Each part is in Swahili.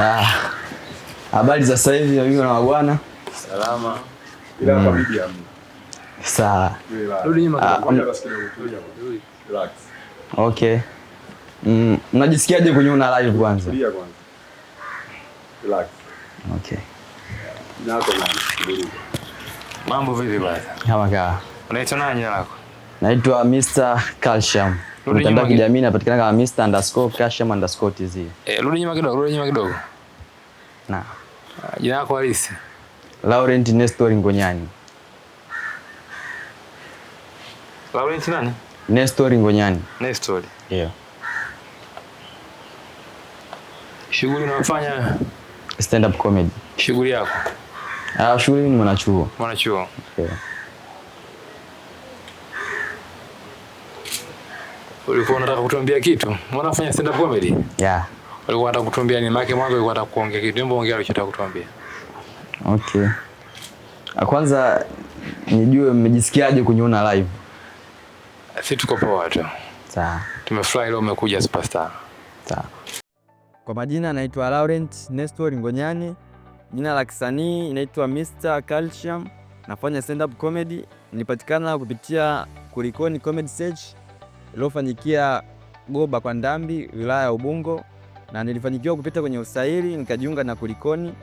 Ah. Habari za sasa hivi wabibi na mabwana. Salama. Bila mm. Bibi yangu. Sawa. Rudi nyuma kidogo. Relax. Okay. Mm, unajisikiaje kwenye una live kwanza? Tulia kwanza. Relax. Okay. Na Nako mimi. Mambo vipi baba? Kama kawa. Unaitwa nani jina lako? Naitwa Mr. Calcium. Mtandao wa kijamii napatikana kama Mr. underscore Calcium underscore TZ. Eh, rudi nyuma kidogo, rudi nyuma kidogo. Naam. Jina lako halisi? Laurent Nestor Ngonyani. Laurent nani? Nestor Ngonyani. Nestor. Yeah. Shughuli unayofanya stand up comedy. Shughuli yako? Ah, shughuli ni mwanachuo. Mwanachuo. Yeah. Ulikuwa unataka kutuambia kitu? Mbona unafanya stand up comedy? Yeah alikuwa hata kutuambia ni make mwanzo alikuwa hata kuongea kitu, hebu ongea alichotaka kutuambia. Okay, Na ah, kwanza nijue mmejisikiaje kuniona live? Sisi tuko poa tu. Sawa. Tumefurahi leo umekuja Superstar. Sawa. Kwa majina naitwa Laurent Nestor Ngonyani, jina la kisanii inaitwa Mr Calcium, nafanya stand up comedy. Nilipatikana kupitia Kulikoni Comedy Stage iliofanyikia Goba kwa Ndambi, wilaya ya Ubungo na nilifanikiwa kupita kwenye usaili nikajiunga na Kulikoni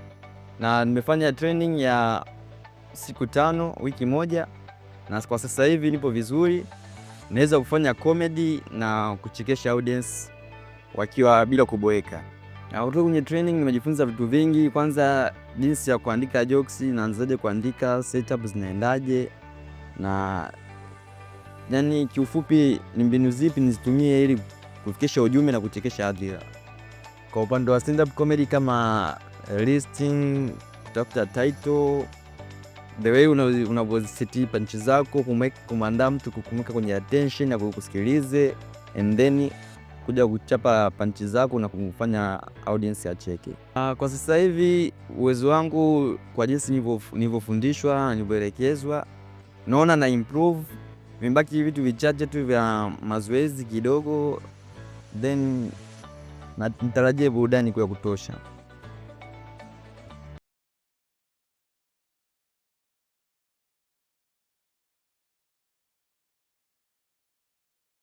na nimefanya training ya siku tano wiki moja, na kwa sasa hivi nipo vizuri, naweza kufanya comedy na kuchekesha audience wakiwa bila kuboeka. Na kutoka kwenye training nimejifunza vitu vingi, kwanza jinsi ya kuandika jokes, naanzaje kuandika, setup zinaendaje, na yani kiufupi ni mbinu zipi nizitumie ili kufikisha ujumbe na kuchekesha hadhira. Kwa upande wa stand up comedy kama eh, listing, tafuta title, the way unavyoziseti panchi zako, kumwandaa mtu, kukumweka kwenye attention na kukusikilize, and then kuja kuchapa panchi zako na kumfanya audience acheke. cheke ah, kwa sasa hivi uwezo wangu kwa jinsi nilivyofundishwa, nilivyoelekezwa, naona na improve, vimbaki vitu vichache tu vya mazoezi kidogo then na nitarajie burudani kwa kutosha.